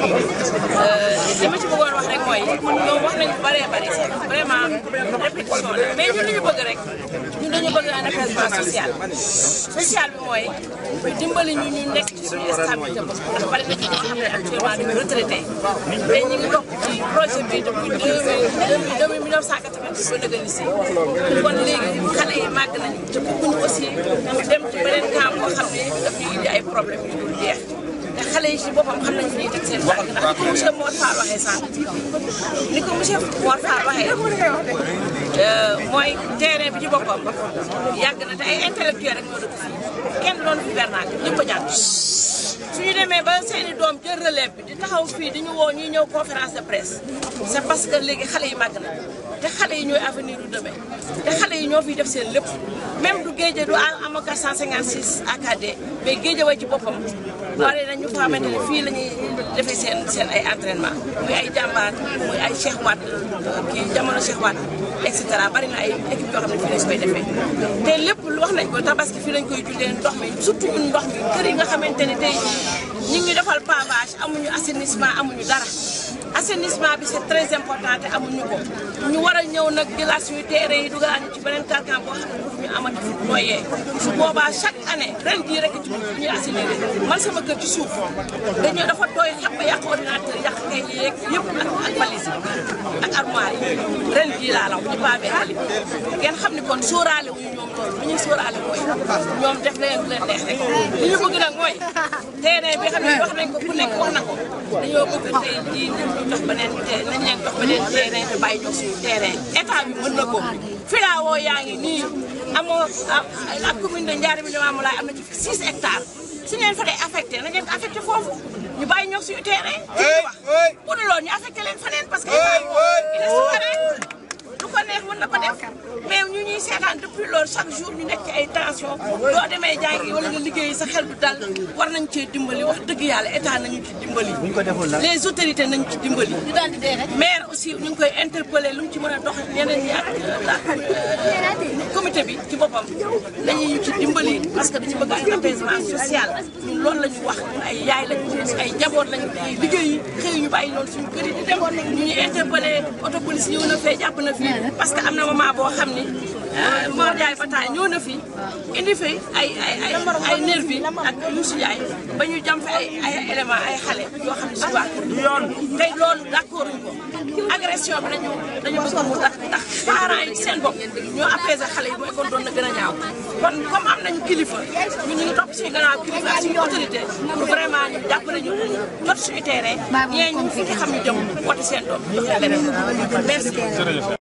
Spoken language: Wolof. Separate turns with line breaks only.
Euh, li ma ci bëggoon wax rek mooy ñoom wax nañu bëree bëri vraiment répétition la mais ñun ñu bëgg rek ñun dañu bëgg un apaisement social social bi mooy dimbali ñu ñu nekk ci suñu stabilité boobu ndax bari na ñoo te ñu ngi topp ci projet bi depuis deux mille deux mille neuf cent kon léegi xale yi màgg nañu te bëgguñu aussi dem ci beneen camp boo xam ne daf ñuy indi ay problèmes yu dul jeex te xale yi ci boppam xam nañu ñuy teg seen tànk ndax ni ko monsieur Mor Fall waxee sànq ni ko monsieur Mor Fall waxee euh, mooy terrain bi ci boppam yàgg na te ay intellectuel rek ñoo dëkk fii kenn doon fi bernaat ñëpp a jàng suñu demee ba seeni doom jël relève bi di taxaw fii di ñu woo ñu ñëw conférence de presse c'est parce que léegi xale yi màgg na te xale yi ñooy avenir du demain te xale yi ñoo fiy def seen lépp même du géeje du amaka 156 AKD mais géeje way ci boppam bare na ñu ko xamante ne fii la ñuy defee seen seen ay entraînement muy ay jàmbaar muy ay Cheikh Wade kii jamono Cheikh Wade et cetera bari na ay équipe yoo xam ne fii lañ koy defee te lépp lu wax nañ ko tabaski fii lañ koy jullee ndox mi surtout nga xamante ne ñu ngi defal pavage amuñu assainissement amuñu dara assainissement bi c'est très important te amuñu ko ñu war a ñëw nag jëlaat suñu terrain yi dugal ñu ci beneen kàrkaan boo xam ne daf ñu amati fu noyyee su boobaa chaque année ren jii rek ci ñuy assainir man sama kër ci suuf dañoo dafa tooy xepp yàq ordinateur yàq kay yeeg yëpp ak ak valise ak armoire yi ren jii laa la wax ñu paamee xali ngeen xam ni kon sóoraale wuñu ñoom loolu lu ñuy sóoraale mooy ñoom def na leen lu leen neex rek li ñu bëgg nag mooy terrain bi xam ne wax nañ ko ku nekk wax na ko dañoo bëgg tey jii ñu jox beneen nañ leen jox beneen terrain te bàyyi jox suñu terrain état bi mën na ko filao yaa ngi nii amoo ah, ak commune de Ndiarème bi dama laay am na ci 6 hectares fa dee affecté nañ leen affecté foofu ñu bàyyi ñox suñu terrain. wax bu dul loolu ñu leen feneen parce que état bi moom nekk na ko def mais ñu ñuy seetaan depuis loolu chaque ñu nekk ci ay tension doo demee jàngi wala nga liggéey sa xel bu dal war nañ cee dimbali wax dëgg yàlla état nañu ci dimbali les autorités nañu ci dimbali maire aussi ñu ngi koy interpeller lu mu ci mën a dox yeneen ñi ak comité bi ci boppam dañuy ci dimbali parce que dañu bëgg ay apaisement social ñun wax ay yaay lañu ay jaboot lañu liggéey xëy ñu bàyyi loolu suñu kër yi di dem ñu ñu interpellé autopolice ñëw na fee jàpp na fii parce am na moment boo xam ni Mor Ndiaye Fataay ñoo na fi indi fi ay ay ay ay nervi ak Youssou Ndiaye ba ñu jam fi ay ay élément ay xale yoo xam ne si waa kër yoon tey loolu d'accord ko agression bi nañu dañu bëgg mu tax tax parents yi seen bopp ñoo apaiser xale yi mooy kon doon na gën a ñaaw kon comme am nañu kilifa ñun ñu ngi topp suñu gannaaw kilifa ak suñu autorité pour vraiment ñu jàppale ñu jot suñu terrain ñee ñu fi nga xam ne jëm wote seen doom jox leen merci